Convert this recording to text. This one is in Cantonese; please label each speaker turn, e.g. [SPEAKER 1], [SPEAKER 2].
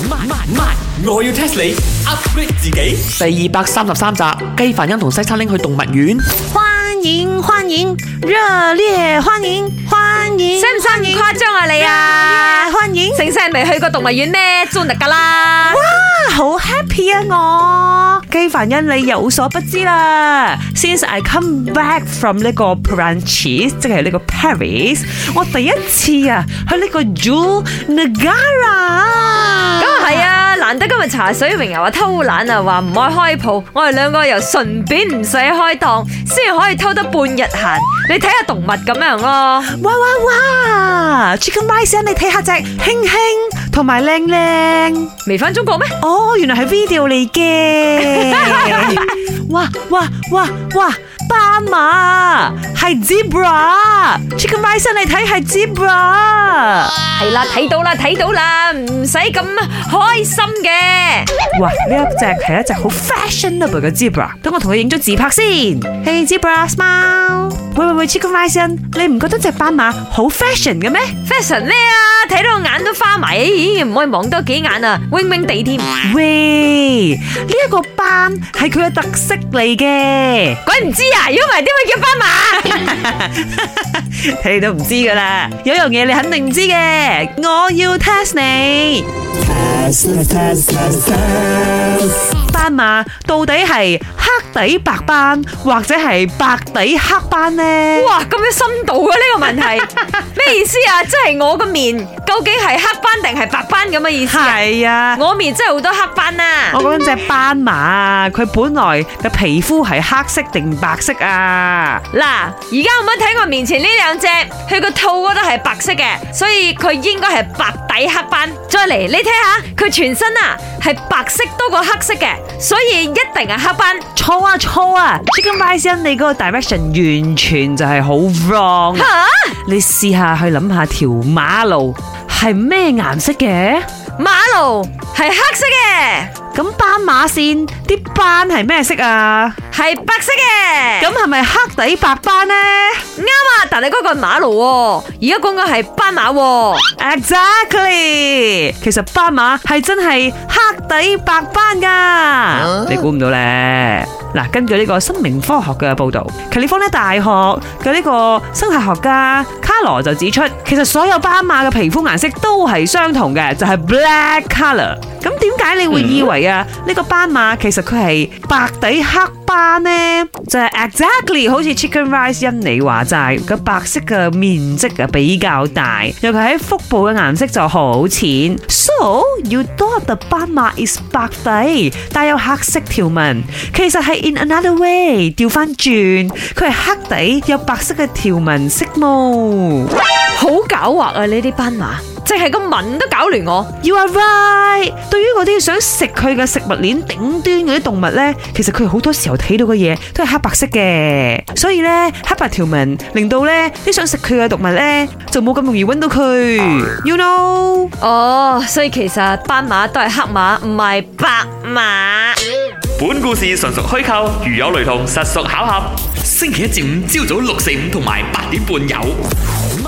[SPEAKER 1] 唔係我要 test 你 upgrade 自己。第二百三十三集，雞凡音同西餐拎去動物園。歡迎歡迎，熱烈歡迎歡迎，使唔使咁誇張啊你啊！歡迎，成世未去過動物園咩？做乜噶啦？哇，好 happy 啊我！基凡因你有所不知啦，Since I come back from 呢個 Pranchis，即係呢個 Paris，我第一次啊去呢個 Zoo Negara。咁啊係啊，難得今日茶水榮又話，偷懶啊，話唔愛開鋪，我哋兩個又順便唔使開檔，先可以偷得半日閒。你睇下動物咁樣咯，啊，哇哇哇，Chicken Rice，你睇下隻輕輕。聽聽。同埋靚靚，未翻中國咩？哦，原來係 video 嚟嘅。哇哇哇哇，斑馬係 zebra，check 埋身嚟睇係 zebra。係啦，睇到啦，睇到啦，唔使咁開心嘅。哇，呢一隻係一隻好 fashionable 嘅 zebra。等我同佢影張自拍先，Hey zebra，smile。喂喂喂，切咁快聲，你唔覺得隻斑馬好 fashion 嘅咩？fashion 咩啊？睇到我眼都花埋，咦，唔可以望多幾眼啊！永永地添，喂，呢一個斑係佢嘅特色嚟嘅，鬼唔知啊，唔係點會叫斑馬？睇 你都唔知噶啦，有一樣嘢你肯定唔知嘅，我要 test 你。斑馬到底係黑底白斑，或者係白底黑斑呢？哇，咁有深度嘅、啊、呢、呢個問題，咩 意思啊？即係 我個面。究竟係黑斑定係白斑咁嘅意思？係啊，我面真係好多黑斑啊！我嗰隻斑馬啊，佢本來嘅皮膚係黑色定白色啊？嗱，而家我哋睇我面前呢兩隻，佢個肚嗰度係白色嘅，所以佢應該係白底黑斑。再嚟，你睇下佢全身啊，係白色多過黑色嘅，所以一定係黑斑。錯啊，錯啊，speaking by 聲你嗰個 direction 完全就係好 wrong。哈你試下去諗下條馬路係咩顏色嘅？馬路係黑色嘅。咁斑馬線啲斑係咩色啊？係白色嘅。咁係咪黑底白斑呢？啱啊，但係嗰個係馬路，而家講緊係斑馬。 Exactly，其實斑馬係真係黑底白斑噶，啊、你估唔到咧。根據呢個生命科學嘅報導，加利福尼亞大學嘅呢個生態學家卡羅就指出，其實所有斑馬嘅皮膚顏色都係相同嘅，就係、是、black color。咁點解你會以為啊？呢個斑馬其實佢係白底黑斑呢，就係 exactly 好似 chicken rice 印尼話齋，個白色嘅面積啊比較大，尤其喺腹部嘅顏色就好淺。So you thought the 斑馬 is 白底，帶有黑色條紋，其實係 in another way 調翻轉，佢係黑底有白色嘅條紋色毛，好狡猾啊呢啲斑馬。係個文都搞亂我。You are right。對於嗰啲想食佢嘅食物鏈頂端嗰啲動物咧，其實佢好多時候睇到嘅嘢都係黑白色嘅，所以咧黑白條紋令到咧啲想食佢嘅動物咧就冇咁容易搵到佢。Uh, You know？哦，oh, 所以其實斑馬都係黑馬，唔係白馬。本故事純屬虛構，如有雷同，實屬巧合。星期一至五朝早六四五同埋八點半有。